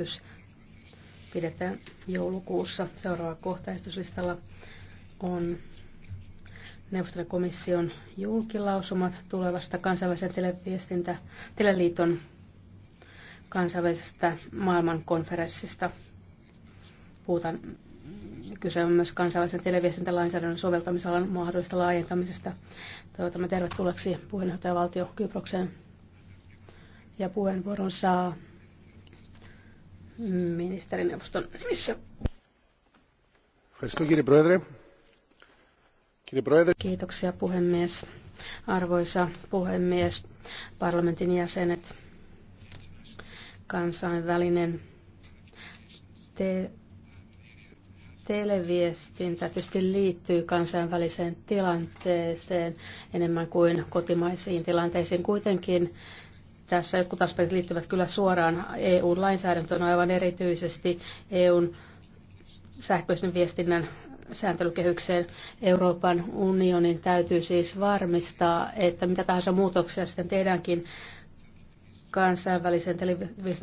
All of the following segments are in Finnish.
äänestys pidetään joulukuussa. Seuraava kohtaistuslistalla on neuvoston komission julkilausumat tulevasta kansainvälisen televiestintä, teleliiton kansainvälisestä maailmankonferenssista. Puhutaan Kyse on myös kansainvälisen televiestintälainsäädännön soveltamisalan mahdollisesta laajentamisesta. Toivotamme tervetulleeksi puheenjohtajavaltio Kyprokseen. Ja puheenvuoron saa ministerineuvoston nimissä. Kiitoksia puhemies. Arvoisa puhemies, parlamentin jäsenet, kansainvälinen te- televiestintä tietysti liittyy kansainväliseen tilanteeseen enemmän kuin kotimaisiin tilanteisiin. Kuitenkin tässä jotkut aspektit liittyvät kyllä suoraan EU-lainsäädäntöön, aivan erityisesti EUn sähköisen viestinnän sääntelykehykseen Euroopan unionin täytyy siis varmistaa, että mitä tahansa muutoksia sitten tehdäänkin kansainvälisen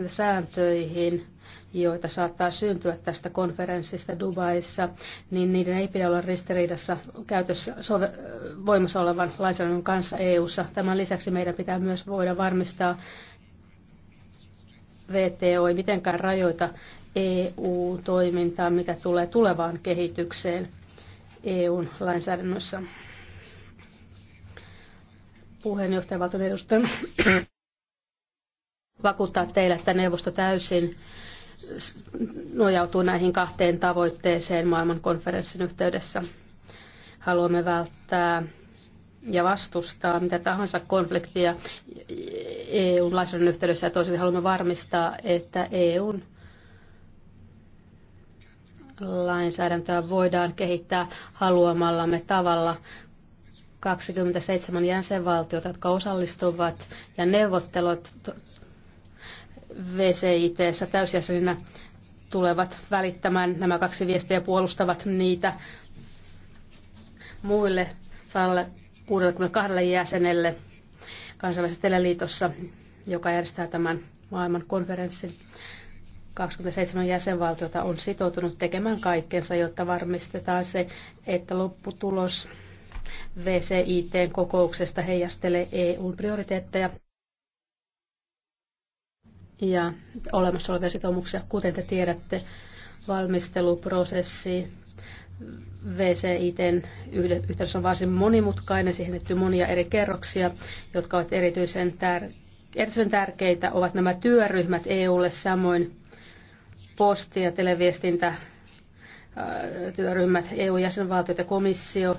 sääntöihin, joita saattaa syntyä tästä konferenssista Dubaissa, niin niiden ei pidä olla ristiriidassa käytössä sove- voimassa olevan lainsäädännön kanssa EU:ssa. Tämän lisäksi meidän pitää myös voida varmistaa, VTO ei mitenkään rajoita EU-toimintaa, mitä tulee tulevaan kehitykseen EUn lainsäädännössä. Puheenjohtajavaltion edustajan vakuuttaa teille, että neuvosto täysin nojautuu näihin kahteen tavoitteeseen maailmankonferenssin yhteydessä. Haluamme välttää ja vastustaa mitä tahansa konfliktia EUn lainsäädännön yhteydessä ja toisaalta haluamme varmistaa, että EUn lainsäädäntöä voidaan kehittää haluamallamme tavalla 27 jäsenvaltiota, jotka osallistuvat ja neuvottelut VCIT-ssä täysjäseninä tulevat välittämään nämä kaksi viestiä ja puolustavat niitä muille 162 jäsenelle kansainvälisessä teleliitossa, joka järjestää tämän maailman konferenssin. 27 jäsenvaltiota on sitoutunut tekemään kaikkensa, jotta varmistetaan se, että lopputulos VCIT-kokouksesta heijastelee EUn prioriteetteja ja olemassa olevia sitoumuksia. Kuten te tiedätte, valmisteluprosessi VCITn yhteydessä on varsin monimutkainen. Siihen liittyy monia eri kerroksia, jotka ovat erityisen, tär- erityisen tärkeitä. Ovat nämä työryhmät EUlle samoin posti- ja televiestintä äh, työryhmät, EU-jäsenvaltiot ja komissio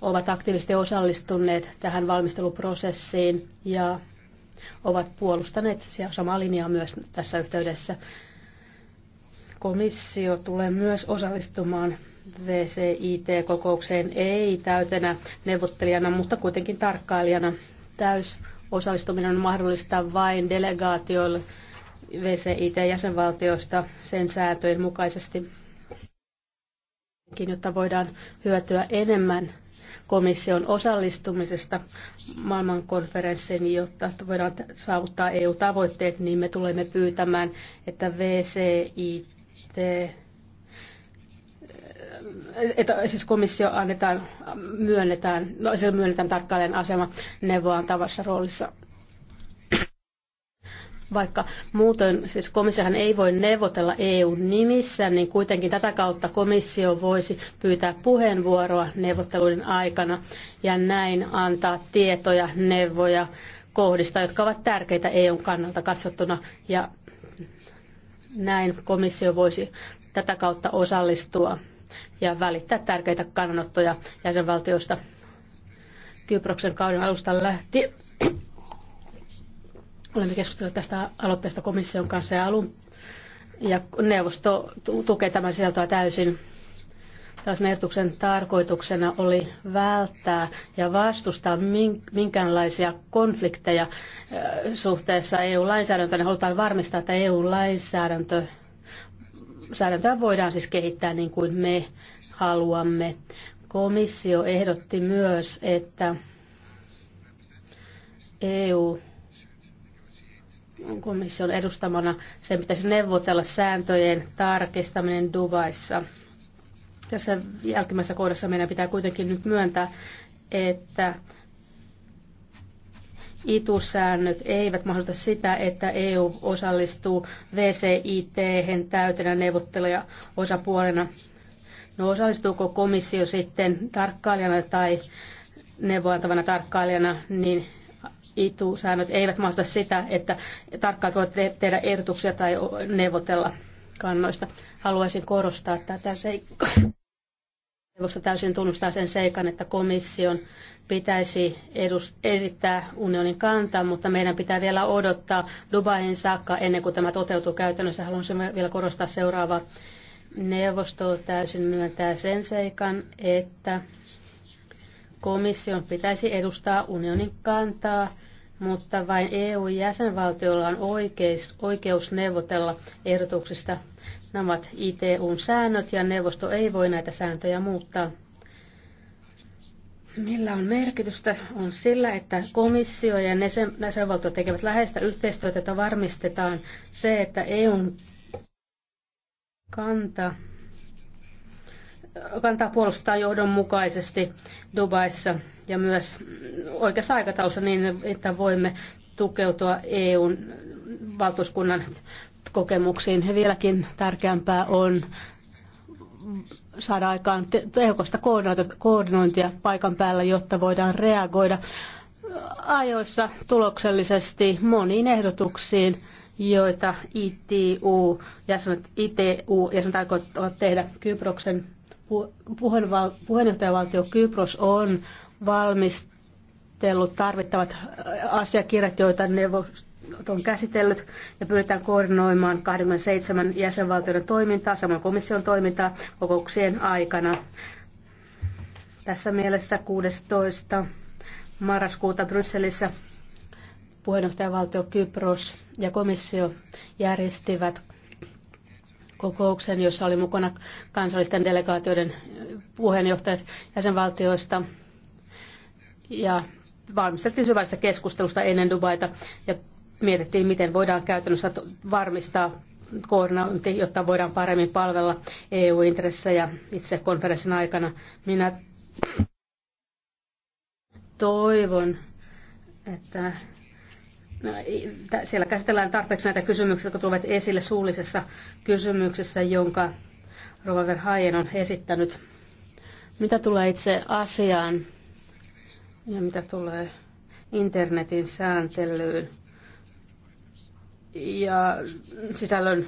ovat aktiivisesti osallistuneet tähän valmisteluprosessiin ja ovat puolustaneet ja samaa linjaa myös tässä yhteydessä. Komissio tulee myös osallistumaan VCIT-kokoukseen ei täytenä neuvottelijana, mutta kuitenkin tarkkailijana. Täys osallistuminen on mahdollista vain delegaatioille VCIT-jäsenvaltioista sen sääntöjen mukaisesti, jotta voidaan hyötyä enemmän komission osallistumisesta maailmankonferenssiin, jotta voidaan saavuttaa EU-tavoitteet, niin me tulemme pyytämään, että VCIT että siis komissio annetaan, myönnetään, no, siis myönnetään tarkkailijan asema neuvoantavassa roolissa vaikka muutoin, siis komissiohan ei voi neuvotella EU-nimissä, niin kuitenkin tätä kautta komissio voisi pyytää puheenvuoroa neuvotteluiden aikana ja näin antaa tietoja, neuvoja kohdista, jotka ovat tärkeitä EUn kannalta katsottuna ja näin komissio voisi tätä kautta osallistua ja välittää tärkeitä kannanottoja jäsenvaltioista. Kyproksen kauden alusta lähtien Olemme keskustelleet tästä aloitteesta komission kanssa ja alun ja neuvosto tukee tämän sisältöä täysin. Tällaisen ehdotuksen tarkoituksena oli välttää ja vastustaa minkäänlaisia konflikteja suhteessa EU-lainsäädäntöön. halutaan varmistaa, että EU-lainsäädäntö säädäntöä voidaan siis kehittää niin kuin me haluamme. Komissio ehdotti myös, että EU komission edustamana sen pitäisi neuvotella sääntöjen tarkistaminen Dubaissa. Tässä jälkimmäisessä kohdassa meidän pitää kuitenkin nyt myöntää, että ITU-säännöt eivät mahdollista sitä, että EU osallistuu VCIT-hen täytenä neuvotteluja osapuolena. No osallistuuko komissio sitten tarkkailijana tai neuvoantavana tarkkailijana, niin itu-säännöt eivät mahdollista sitä, että tarkkaat voivat tehdä ehdotuksia tai neuvotella kannoista. Haluaisin korostaa tätä seikkaa. Neuvosto täysin tunnustaa sen seikan, että komission pitäisi edus- esittää unionin kantaa, mutta meidän pitää vielä odottaa Dubaihin saakka ennen kuin tämä toteutuu käytännössä. Haluaisin vielä korostaa seuraavaa. Neuvosto täysin myöntää sen seikan, että komission pitäisi edustaa unionin kantaa mutta vain EU-jäsenvaltioilla on oikeus, oikeus neuvotella ehdotuksista. Nämä ovat ITUn säännöt ja neuvosto ei voi näitä sääntöjä muuttaa. Millä on merkitystä on sillä, että komissio ja jäsenvaltio tekevät läheistä yhteistyötä, että varmistetaan se, että EUn kanta kantaa puolustaa johdonmukaisesti Dubaissa ja myös oikeassa aikataulussa niin, että voimme tukeutua EUn valtuuskunnan kokemuksiin. Vieläkin tärkeämpää on saada aikaan tehokasta koordinointia paikan päällä, jotta voidaan reagoida ajoissa tuloksellisesti moniin ehdotuksiin, joita ITU jäsenet, ITU jäsenet aikovat tehdä Kyproksen puheenjohtajavaltio Kypros on valmistellut tarvittavat äh, asiakirjat, joita neuvostot on käsitellyt ja pyritään koordinoimaan 27 jäsenvaltioiden toimintaa, samoin komission toimintaa kokouksien aikana. Tässä mielessä 16. marraskuuta Brysselissä puheenjohtajavaltio Kypros ja komissio järjestivät kokouksen, jossa oli mukana kansallisten delegaatioiden puheenjohtajat jäsenvaltioista. Ja valmisteltiin syvällistä keskustelusta ennen Dubaita ja mietittiin, miten voidaan käytännössä varmistaa koordinointi, jotta voidaan paremmin palvella EU-intressejä itse konferenssin aikana. Minä toivon, että siellä käsitellään tarpeeksi näitä kysymyksiä, jotka tulevat esille suullisessa kysymyksessä, jonka Rova Verhaajen on esittänyt. Mitä tulee itse asiaan ja mitä tulee internetin sääntelyyn ja sisällön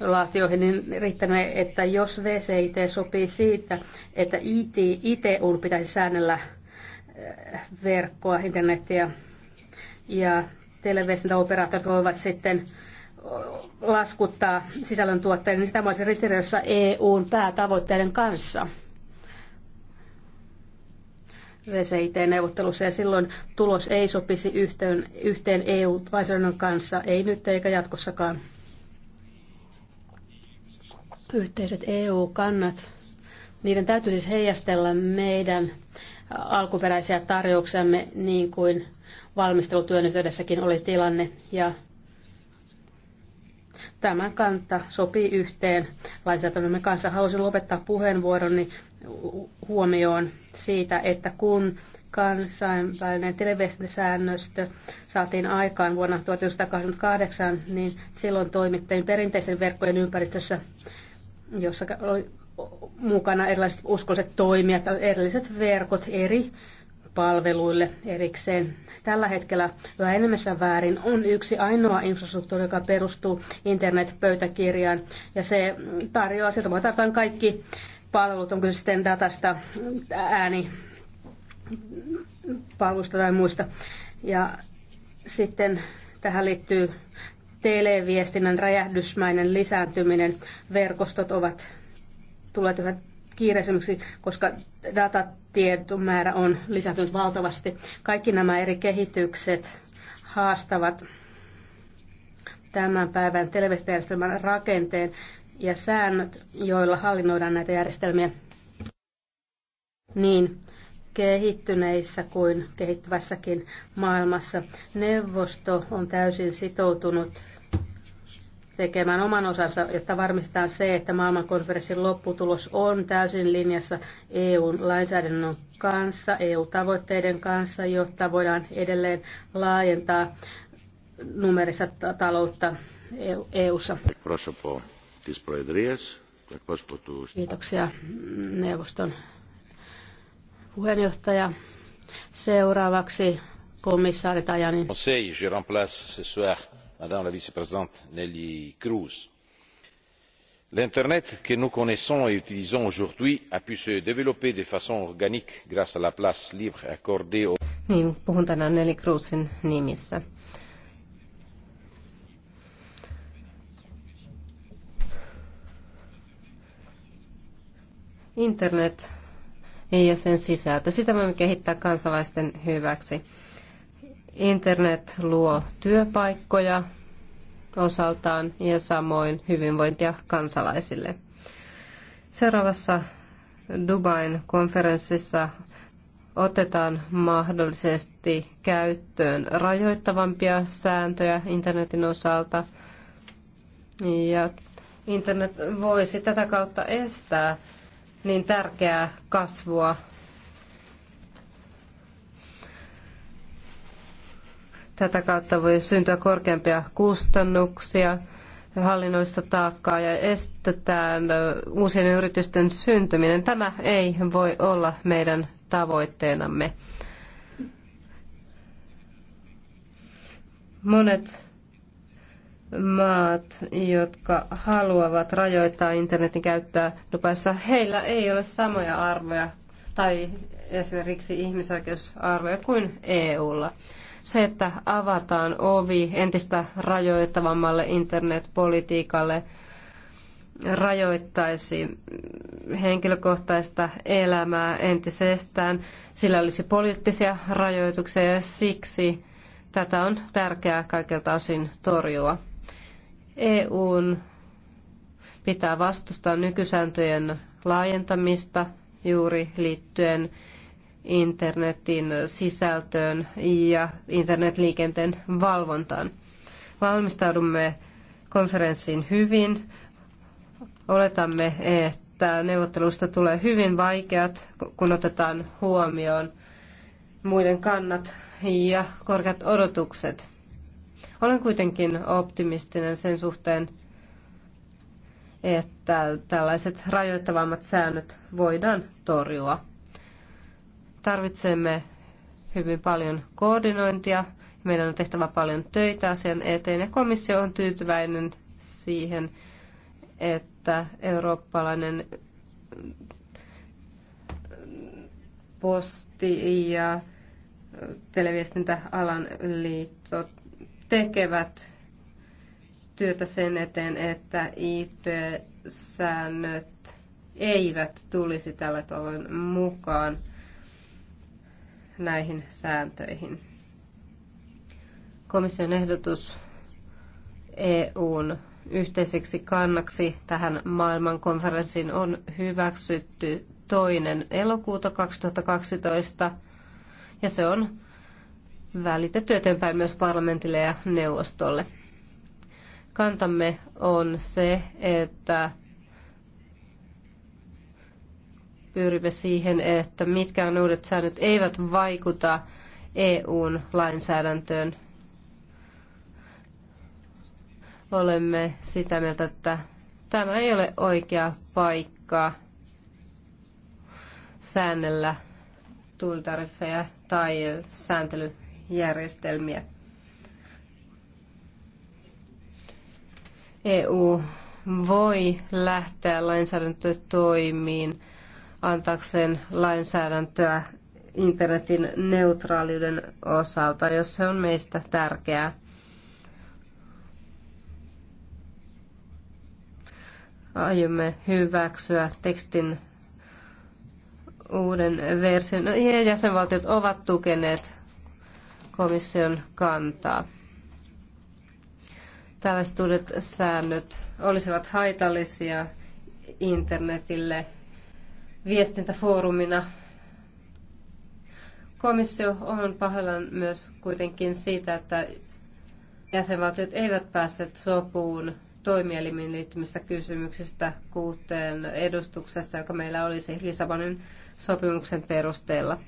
laatioihin, niin riittänyt, että jos VCIT sopii siitä, että IT, ITU pitäisi säännellä eh, verkkoa, internetiä ja operaattorit voivat sitten laskuttaa sisällöntuottajille, niin tämä olisi ristiriidassa EUn päätavoitteiden kanssa. VCIT-neuvottelussa ja silloin tulos ei sopisi yhteen, yhteen EU-lainsäädännön kanssa, ei nyt eikä jatkossakaan. Yhteiset EU-kannat, niiden täytyisi siis heijastella meidän alkuperäisiä tarjouksiamme niin kuin valmistelutyön yhteydessäkin oli tilanne ja tämä kanta sopii yhteen lainsäädäntömme kanssa. Haluaisin lopettaa puheenvuoroni huomioon siitä, että kun kansainvälinen televiestintäsäännöstö saatiin aikaan vuonna 1988, niin silloin toimittiin perinteisen verkkojen ympäristössä, jossa oli mukana erilaiset uskolliset toimijat, erilaiset verkot eri palveluille erikseen. Tällä hetkellä yhä enemmässä väärin on yksi ainoa infrastruktuuri, joka perustuu internetpöytäkirjaan ja se tarjoaa, sieltä voi kaikki palvelut, onko se sitten datasta, ääni, palvelusta tai muista. Ja sitten tähän liittyy televiestinnän räjähdysmäinen lisääntyminen. Verkostot ovat tulleet yhä kiireisemmäksi, koska datatietomäärä on lisääntynyt valtavasti. Kaikki nämä eri kehitykset haastavat tämän päivän televisiojärjestelmän rakenteen ja säännöt, joilla hallinnoidaan näitä järjestelmiä niin kehittyneissä kuin kehittyvässäkin maailmassa. Neuvosto on täysin sitoutunut tekemään oman osansa, jotta varmistetaan se, että maailmankonferenssin lopputulos on täysin linjassa EUn lainsäädännön kanssa, EU-tavoitteiden kanssa, jotta voidaan edelleen laajentaa numerista taloutta EUssa. E Kiitoksia neuvoston puheenjohtaja. Seuraavaksi komissaari Tajani. Conseil, je remplace ce soir madame la vice présidente neelie kroes l'internet que nous connaissons et utilisons aujourd'hui a pu se développer de façon organique grâce à la place libre accordée au. internet, niin, puhun Internet ja sen sisältö, sitä voimme kehittää kansalaisten hyväksi Internet luo työpaikkoja osaltaan ja samoin hyvinvointia kansalaisille. Seuraavassa Dubain konferenssissa otetaan mahdollisesti käyttöön rajoittavampia sääntöjä internetin osalta. Ja internet voisi tätä kautta estää niin tärkeää kasvua Tätä kautta voi syntyä korkeampia kustannuksia, hallinnollista taakkaa ja estetään uusien yritysten syntyminen. Tämä ei voi olla meidän tavoitteenamme. Monet maat, jotka haluavat rajoittaa internetin käyttöä Dubaissa, heillä ei ole samoja arvoja tai esimerkiksi ihmisoikeusarvoja kuin EUlla. Se, että avataan ovi entistä rajoittavammalle internetpolitiikalle, rajoittaisi henkilökohtaista elämää entisestään. Sillä olisi poliittisia rajoituksia ja siksi tätä on tärkeää kaikilta osin torjua. EUn pitää vastustaa nykysääntöjen laajentamista juuri liittyen internetin sisältöön ja internetliikenteen valvontaan. Valmistaudumme konferenssiin hyvin. Oletamme, että neuvottelusta tulee hyvin vaikeat, kun otetaan huomioon muiden kannat ja korkeat odotukset. Olen kuitenkin optimistinen sen suhteen, että tällaiset rajoittavammat säännöt voidaan torjua. Tarvitsemme hyvin paljon koordinointia. Meidän on tehtävä paljon töitä asian eteen ja komissio on tyytyväinen siihen, että eurooppalainen posti- ja televiestintäalan liitto tekevät työtä sen eteen, että IP-säännöt eivät tulisi tällä tavoin mukaan näihin sääntöihin. Komission ehdotus EUn yhteiseksi kannaksi tähän maailmankonferenssiin on hyväksytty toinen elokuuta 2012 ja se on välitetty eteenpäin myös parlamentille ja neuvostolle. Kantamme on se, että pyrimme siihen, että mitkään uudet säännöt eivät vaikuta EUn lainsäädäntöön. Olemme sitä mieltä, että tämä ei ole oikea paikka säännellä tuulitariffeja tai sääntelyjärjestelmiä. EU voi lähteä lainsäädäntötoimiin antaakseen lainsäädäntöä internetin neutraaliuden osalta, jos se on meistä tärkeää. Aiomme hyväksyä tekstin uuden version. No, jäsenvaltiot ovat tukeneet komission kantaa. Tällaiset uudet säännöt olisivat haitallisia internetille viestintäfoorumina. Komissio on pahoillaan myös kuitenkin siitä, että jäsenvaltiot eivät päässeet sopuun toimielimiin liittymistä kysymyksistä kuuteen edustuksesta, joka meillä olisi Lissabonin sopimuksen perusteella.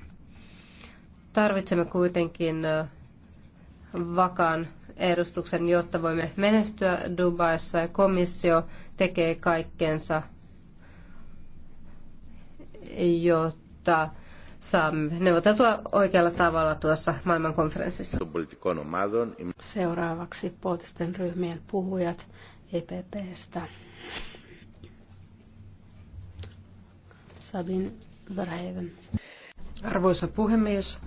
Tarvitsemme kuitenkin vakaan edustuksen, jotta voimme menestyä Dubaissa ja komissio tekee kaikkensa jotta saamme neuvoteltua oikealla tavalla tuossa maailmankonferenssissa. Seuraavaksi poliittisten ryhmien puhujat EPPstä. Sabin Verheven. Arvoisa puhemies,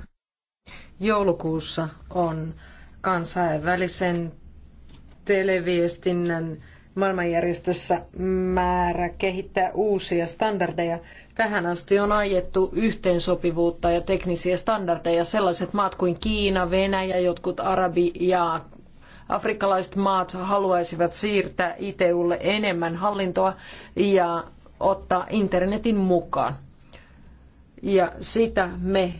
joulukuussa on kansainvälisen televiestinnän maailmanjärjestössä määrä kehittää uusia standardeja. Tähän asti on ajettu yhteensopivuutta ja teknisiä standardeja. Sellaiset maat kuin Kiina, Venäjä, jotkut arabi ja afrikkalaiset maat haluaisivat siirtää ITUlle enemmän hallintoa ja ottaa internetin mukaan. Ja sitä me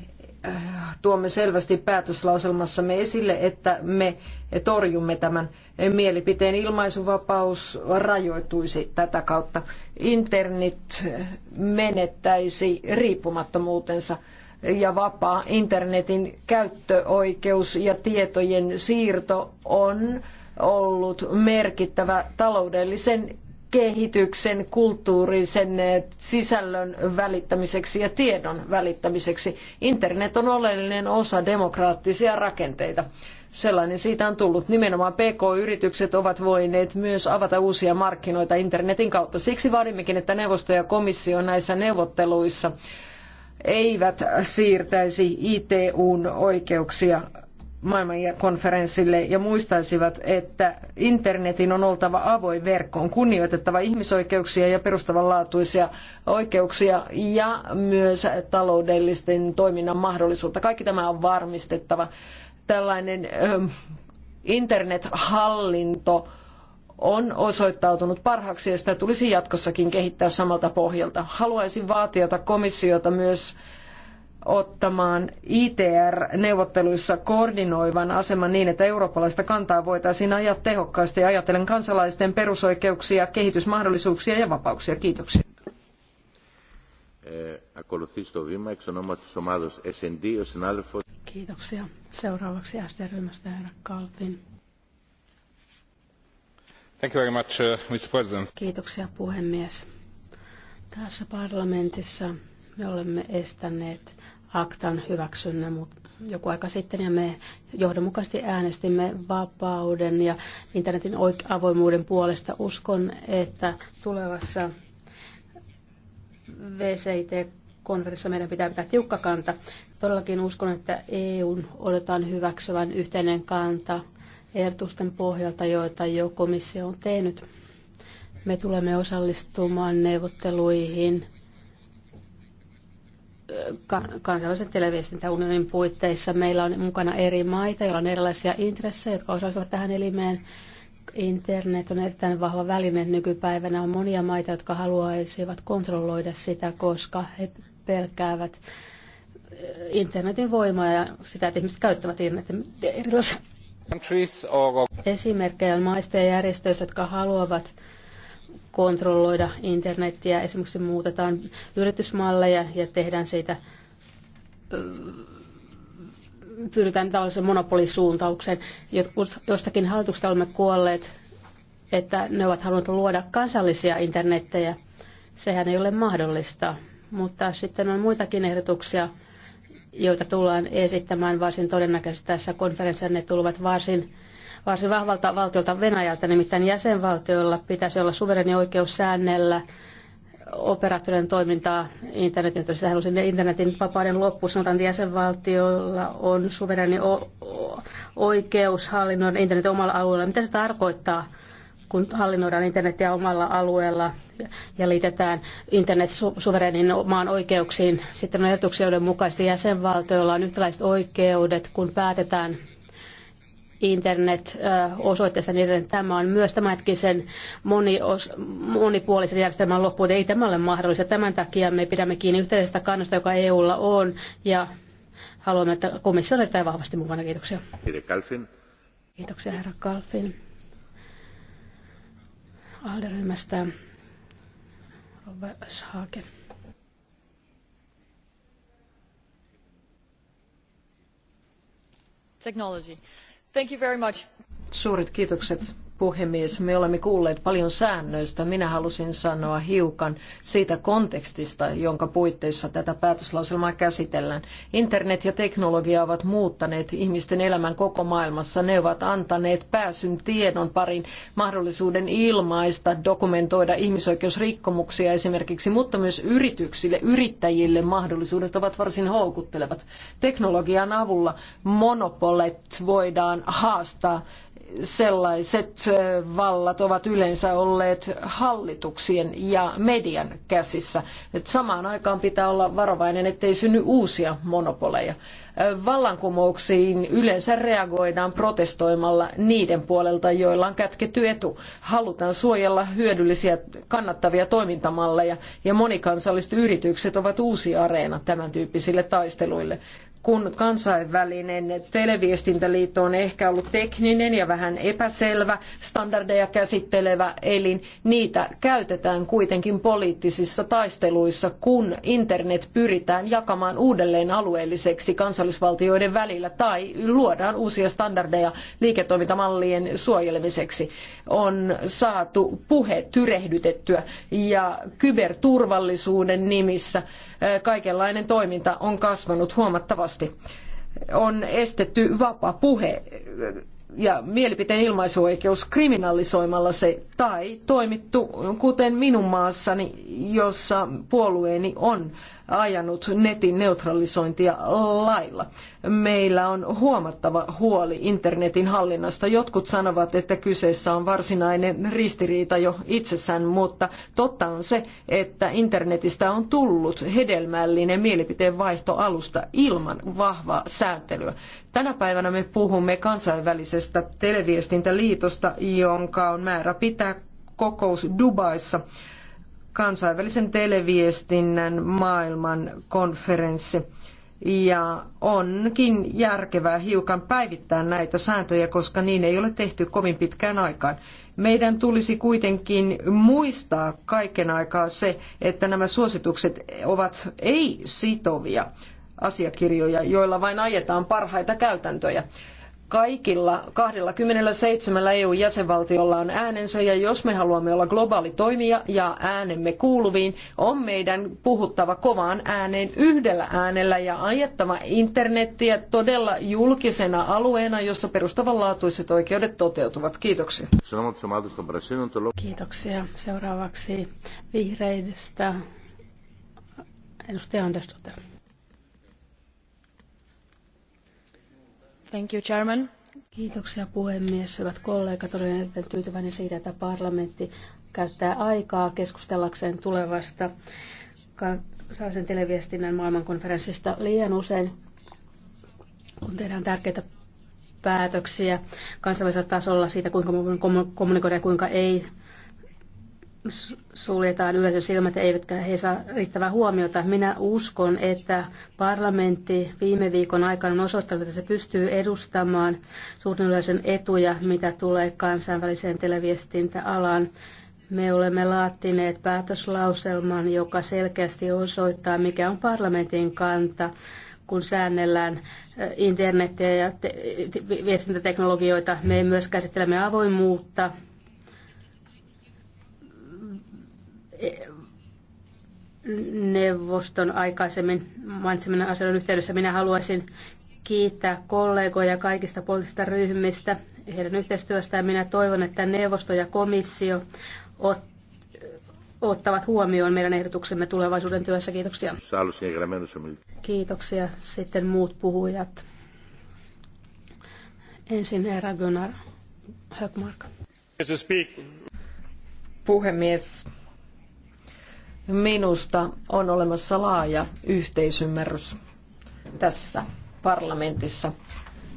tuomme selvästi päätöslauselmassamme esille, että me torjumme tämän mielipiteen ilmaisuvapaus rajoituisi tätä kautta. Internet menettäisi riippumattomuutensa ja vapaa internetin käyttöoikeus ja tietojen siirto on ollut merkittävä taloudellisen kehityksen, kulttuurisen sisällön välittämiseksi ja tiedon välittämiseksi. Internet on oleellinen osa demokraattisia rakenteita. Sellainen siitä on tullut. Nimenomaan PK-yritykset ovat voineet myös avata uusia markkinoita internetin kautta. Siksi vaadimmekin, että neuvosto ja komissio näissä neuvotteluissa eivät siirtäisi ITUn oikeuksia maailmankonferenssille ja muistaisivat, että internetin on oltava avoin verkko, on kunnioitettava ihmisoikeuksia ja perustavanlaatuisia oikeuksia ja myös taloudellisten toiminnan mahdollisuutta. Kaikki tämä on varmistettava. Tällainen internethallinto on osoittautunut parhaaksi ja sitä tulisi jatkossakin kehittää samalta pohjalta. Haluaisin vaatia komissiota myös ottamaan ITR-neuvotteluissa koordinoivan aseman niin, että eurooppalaista kantaa voitaisiin ajaa tehokkaasti ajatellen kansalaisten perusoikeuksia, kehitysmahdollisuuksia ja vapauksia. Kiitoksia. Kiitoksia. Seuraavaksi SD-ryhmästä herra Kalvin. Thank you very much, uh, Mr. President. Kiitoksia puhemies. Tässä parlamentissa me olemme estäneet aktan hyväksynnän joku aika sitten ja me johdonmukaisesti äänestimme vapauden ja internetin avoimuuden puolesta. Uskon, että tulevassa VCIT-konferenssissa meidän pitää pitää tiukka kanta. Todellakin uskon, että EUn odotetaan hyväksyvän yhteinen kanta ehdotusten pohjalta, joita jo komissio on tehnyt. Me tulemme osallistumaan neuvotteluihin kansainvälisen televiestintäunionin puitteissa. Meillä on mukana eri maita, joilla on erilaisia intressejä, jotka osallistuvat tähän elimeen. Internet on erittäin vahva väline nykypäivänä. On monia maita, jotka haluaisivat kontrolloida sitä, koska he pelkäävät eh, internetin voimaa ja sitä, että ihmiset käyttävät internetin erilaisia esimerkkejä on maista ja järjestöistä, jotka haluavat kontrolloida internettiä. Esimerkiksi muutetaan yritysmalleja ja tehdään siitä pyritään tällaiseen monopolisuuntaukseen. Jostakin hallituksesta olemme kuolleet, että ne ovat halunneet luoda kansallisia internettejä. Sehän ei ole mahdollista. Mutta sitten on muitakin ehdotuksia, joita tullaan esittämään varsin todennäköisesti tässä konferenssissa. Ne tulevat varsin varsin vahvalta valtiolta Venäjältä, nimittäin jäsenvaltioilla pitäisi olla suvereni oikeus säännellä operaattorien toimintaa internetin, tosiaan halusin internetin vapauden loppu, sanotaan, että jäsenvaltiolla on suvereni oikeus hallinnoida internetin omalla alueella. Mitä se tarkoittaa, kun hallinnoidaan internetiä omalla alueella ja liitetään internet su- suverenin maan oikeuksiin? Sitten on ehdotuksia, joiden mukaisesti jäsenvaltioilla on yhtäläiset oikeudet, kun päätetään internet-osoitteessa, niin tämä on myös tämänhetkisen monios, monipuolisen järjestelmän loppuun. Ei tämä ole mahdollista. Tämän takia me pidämme kiinni yhteisestä kannasta, joka EUlla on, ja haluamme, että komissio on erittäin vahvasti mukana. Kiitoksia. Kiitoksia, herra Kalfin. Alderyhmästä Robert Schaake. technology. Thank you very much. Suuret kiitokset puhemies, me olemme kuulleet paljon säännöistä. Minä halusin sanoa hiukan siitä kontekstista, jonka puitteissa tätä päätöslauselmaa käsitellään. Internet ja teknologia ovat muuttaneet ihmisten elämän koko maailmassa. Ne ovat antaneet pääsyn tiedon parin mahdollisuuden ilmaista, dokumentoida ihmisoikeusrikkomuksia esimerkiksi, mutta myös yrityksille, yrittäjille mahdollisuudet ovat varsin houkuttelevat. Teknologian avulla monopolet voidaan haastaa sellaiset vallat ovat yleensä olleet hallituksien ja median käsissä. Et samaan aikaan pitää olla varovainen, ettei synny uusia monopoleja vallankumouksiin yleensä reagoidaan protestoimalla niiden puolelta, joilla on kätketty etu. Halutaan suojella hyödyllisiä kannattavia toimintamalleja ja monikansalliset yritykset ovat uusi areena tämän tyyppisille taisteluille kun kansainvälinen televiestintäliitto on ehkä ollut tekninen ja vähän epäselvä, standardeja käsittelevä elin, niitä käytetään kuitenkin poliittisissa taisteluissa, kun internet pyritään jakamaan uudelleen alueelliseksi kansalliseksi kansallisvaltioiden välillä tai luodaan uusia standardeja liiketoimintamallien suojelemiseksi. On saatu puhe tyrehdytettyä ja kyberturvallisuuden nimissä kaikenlainen toiminta on kasvanut huomattavasti. On estetty vapaa puhe ja mielipiteen ilmaisuoikeus kriminalisoimalla se tai toimittu kuten minun maassani, jossa puolueeni on ajanut netin neutralisointia lailla. Meillä on huomattava huoli internetin hallinnasta. Jotkut sanovat, että kyseessä on varsinainen ristiriita jo itsessään, mutta totta on se, että internetistä on tullut hedelmällinen mielipiteen vaihtoalusta ilman vahvaa sääntelyä. Tänä päivänä me puhumme kansainvälisestä televiestintäliitosta, jonka on määrä pitää kokous Dubaissa kansainvälisen televiestinnän maailman konferenssi. Ja onkin järkevää hiukan päivittää näitä sääntöjä, koska niin ei ole tehty kovin pitkään aikaan. Meidän tulisi kuitenkin muistaa kaiken aikaa se, että nämä suositukset ovat ei-sitovia asiakirjoja, joilla vain ajetaan parhaita käytäntöjä. Kaikilla 27 EU-jäsenvaltiolla on äänensä ja jos me haluamme olla globaali toimija ja äänemme kuuluviin, on meidän puhuttava kovaan ääneen yhdellä äänellä ja ajettava internettiä todella julkisena alueena, jossa perustavanlaatuiset oikeudet toteutuvat. Kiitoksia. Kiitoksia. Seuraavaksi vihreistä edustaja Anders Thank you, Chairman. Kiitoksia puhemies. Hyvät kollegat, olen erittäin tyytyväinen siitä, että parlamentti käyttää aikaa keskustellakseen tulevasta kansainvälisen televiestinnän maailmankonferenssista liian usein, kun tehdään tärkeitä päätöksiä kansainvälisellä tasolla siitä, kuinka kommunikoida ja kuinka ei suljetaan yleensä silmät eivätkä he saa riittävää huomiota. Minä uskon, että parlamentti viime viikon aikana on osoittanut, että se pystyy edustamaan suuren yleisön etuja, mitä tulee kansainväliseen televiestintäalaan. Me olemme laattineet päätöslauselman, joka selkeästi osoittaa, mikä on parlamentin kanta, kun säännellään eh, internetiä ja viestintäteknologioita. Me myös käsittelemme avoimuutta, neuvoston aikaisemmin mainitseminen asioiden yhteydessä. Minä haluaisin kiittää kollegoja kaikista poliittisista ryhmistä heidän yhteistyöstään. Minä toivon, että neuvosto ja komissio ottavat ottavat huomioon meidän ehdotuksemme tulevaisuuden työssä. Kiitoksia. Kiitoksia. Sitten muut puhujat. Ensin herra Gunnar Höckmark. Puhemies, Minusta on olemassa laaja yhteisymmärrys tässä parlamentissa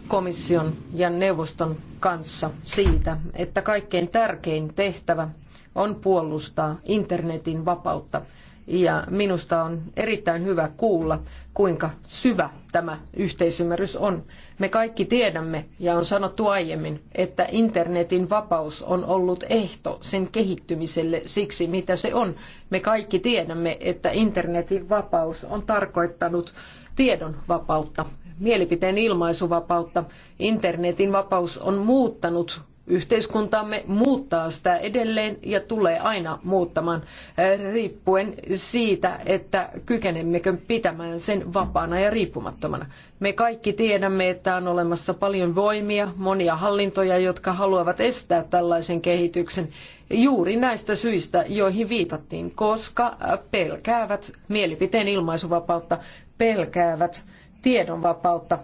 komission ja neuvoston kanssa siitä, että kaikkein tärkein tehtävä on puolustaa internetin vapautta ja minusta on erittäin hyvä kuulla, kuinka syvä tämä yhteisymmärrys on. Me kaikki tiedämme, ja on sanottu aiemmin, että internetin vapaus on ollut ehto sen kehittymiselle siksi, mitä se on. Me kaikki tiedämme, että internetin vapaus on tarkoittanut tiedon vapautta, mielipiteen ilmaisuvapautta. Internetin vapaus on muuttanut Yhteiskuntamme muuttaa sitä edelleen ja tulee aina muuttamaan eh, riippuen siitä, että kykenemmekö pitämään sen vapaana ja riippumattomana. Me kaikki tiedämme, että on olemassa paljon voimia, monia hallintoja, jotka haluavat estää tällaisen kehityksen juuri näistä syistä, joihin viitattiin, koska eh, pelkäävät mielipiteen ilmaisuvapautta, pelkäävät tiedonvapautta.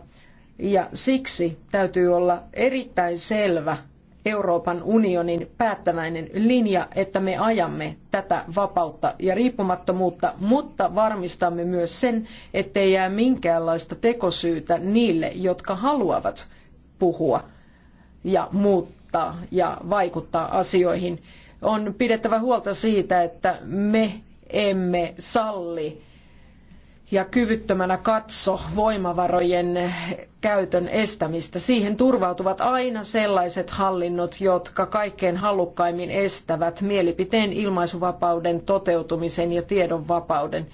Ja siksi täytyy olla erittäin selvä Euroopan unionin päättäväinen linja, että me ajamme tätä vapautta ja riippumattomuutta, mutta varmistamme myös sen, ettei jää minkäänlaista tekosyytä niille, jotka haluavat puhua ja muuttaa ja vaikuttaa asioihin. On pidettävä huolta siitä, että me emme salli ja kyvyttömänä katso voimavarojen käytön estämistä. Siihen turvautuvat aina sellaiset hallinnot, jotka kaikkein halukkaimmin estävät mielipiteen ilmaisuvapauden toteutumisen ja tiedonvapauden.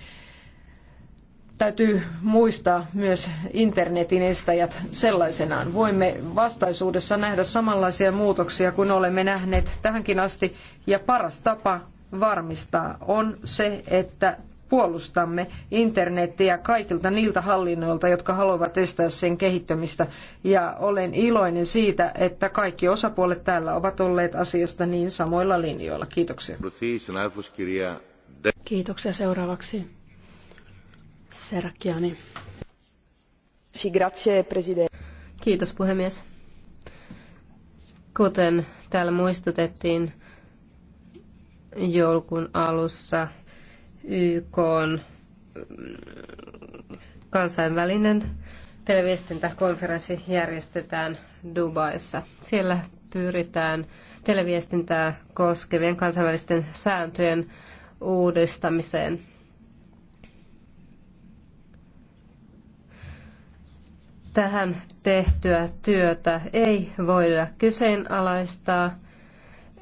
Täytyy muistaa myös internetin estäjät sellaisenaan. Voimme vastaisuudessa nähdä samanlaisia muutoksia kuin olemme nähneet tähänkin asti, ja paras tapa varmistaa on se, että puolustamme internettiä kaikilta niiltä hallinnoilta, jotka haluavat estää sen kehittämistä. Ja olen iloinen siitä, että kaikki osapuolet täällä ovat olleet asiasta niin samoilla linjoilla. Kiitoksia. Kiitoksia seuraavaksi. Serkiani. Kiitos puhemies. Kuten täällä muistutettiin joulukuun alussa, YK on mm, kansainvälinen televiestintäkonferenssi järjestetään Dubaissa. Siellä pyritään televiestintää koskevien kansainvälisten sääntöjen uudistamiseen. Tähän tehtyä työtä ei voida kyseenalaistaa –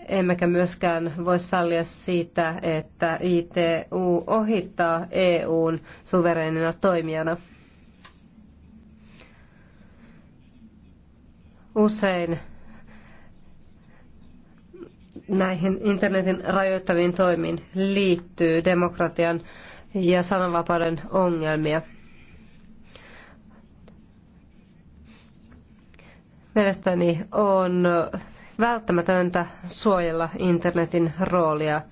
Emmekä myöskään voi sallia siitä, että ITU ohittaa EUn suvereenina toimijana. Usein näihin internetin rajoittaviin toimiin liittyy demokratian ja sananvapauden ongelmia. Mielestäni on välttämätöntä suojella internetin roolia.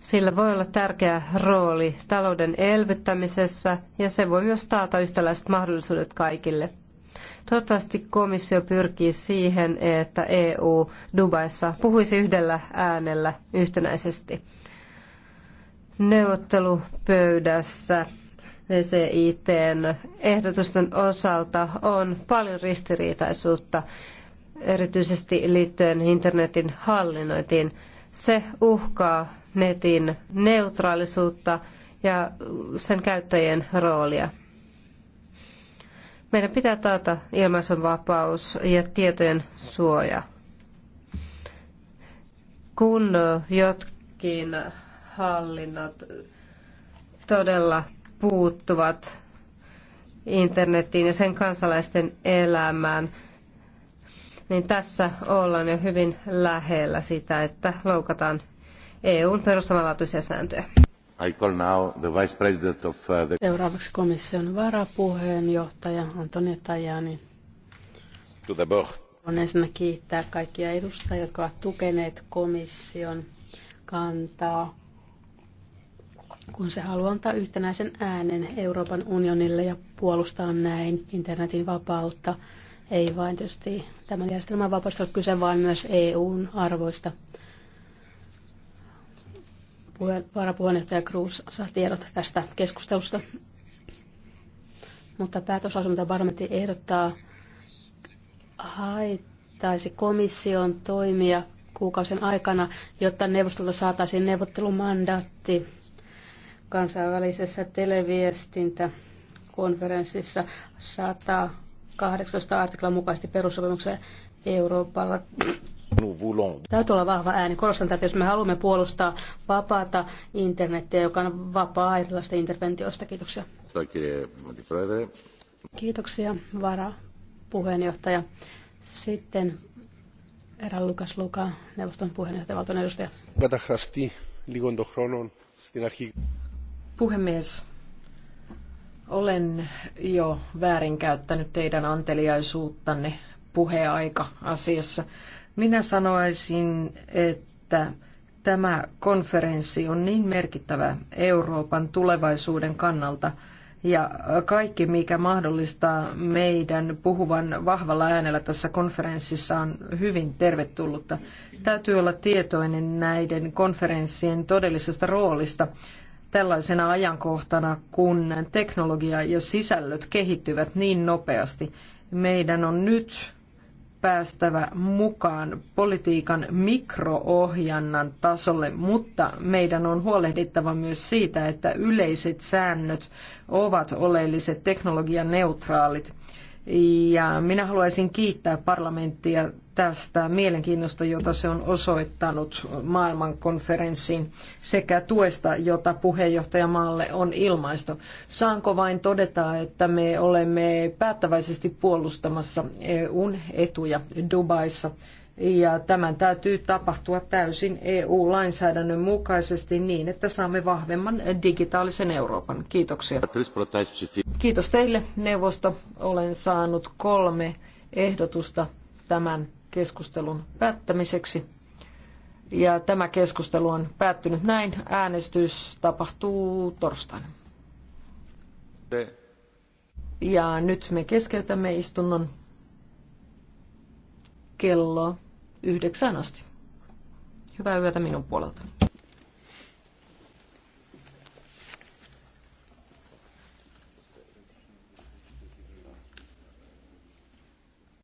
Sillä voi olla tärkeä rooli talouden elvyttämisessä ja se voi myös taata yhtäläiset mahdollisuudet kaikille. Toivottavasti komissio pyrkii siihen, että EU Dubaissa puhuisi yhdellä äänellä yhtenäisesti. Neuvottelupöydässä VCITn ehdotusten osalta on paljon ristiriitaisuutta erityisesti liittyen internetin hallinnointiin. Se uhkaa netin neutraalisuutta ja sen käyttäjien roolia. Meidän pitää taata ilmaisunvapaus ja tietojen suoja. Kun jotkin hallinnot todella puuttuvat internetiin ja sen kansalaisten elämään, niin tässä ollaan jo hyvin lähellä sitä, että loukataan EUn perustavanlaatuisia sääntöjä. I call now the Vice President of uh, the... Seuraavaksi komission varapuheenjohtaja Antoni Tajani. To the board. On ensinnä kiittää kaikkia edustajia, jotka ovat tukeneet komission kantaa, kun se haluaa antaa yhtenäisen äänen Euroopan unionille ja puolustaa näin internetin vapautta ei vain tietysti tämän järjestelmän vapaasta ole kyse, vaan myös EUn arvoista. Puhe, varapuheenjohtaja Cruz saa tiedot tästä keskustelusta. Mutta päätöslausunta parlamentti ehdottaa haittaisi komission toimia kuukausien aikana, jotta neuvostolta saataisiin neuvottelumandaatti kansainvälisessä televiestintäkonferenssissa saattaa 18 artiklan mukaisesti perussopimuksen Euroopalla Täytyy olla vahva ääni. Korostan tätä, jos me haluamme puolustaa vapaata internettiä, joka on vapaa erilaista interventioista. Kiitoksia. Kiitoksia, vara puheenjohtaja. Sitten Era Lukas Luka, neuvoston puheenjohtaja, valtion edustaja. Puhemies, olen jo väärinkäyttänyt teidän anteliaisuuttanne puheaika asiassa. Minä sanoisin, että tämä konferenssi on niin merkittävä Euroopan tulevaisuuden kannalta ja kaikki, mikä mahdollistaa meidän puhuvan vahvalla äänellä tässä konferenssissa on hyvin tervetullutta. Täytyy olla tietoinen näiden konferenssien todellisesta roolista tällaisena ajankohtana, kun teknologia ja sisällöt kehittyvät niin nopeasti. Meidän on nyt päästävä mukaan politiikan mikroohjannan tasolle, mutta meidän on huolehdittava myös siitä, että yleiset säännöt ovat oleelliset teknologianeutraalit. neutraalit ja minä haluaisin kiittää parlamenttia tästä mielenkiinnosta, jota se on osoittanut maailmankonferenssiin sekä tuesta, jota puheenjohtajamaalle on ilmaistu. Saanko vain todeta, että me olemme päättäväisesti puolustamassa EUn etuja Dubaissa ja tämän täytyy tapahtua täysin EU-lainsäädännön mukaisesti niin, että saamme vahvemman digitaalisen Euroopan. Kiitoksia. Kiitos teille, neuvosto. Olen saanut kolme ehdotusta tämän keskustelun päättämiseksi. Ja tämä keskustelu on päättynyt näin. Äänestys tapahtuu torstaina. Ja nyt me keskeytämme istunnon kello yhdeksän asti. Hyvää yötä minun puoleltani.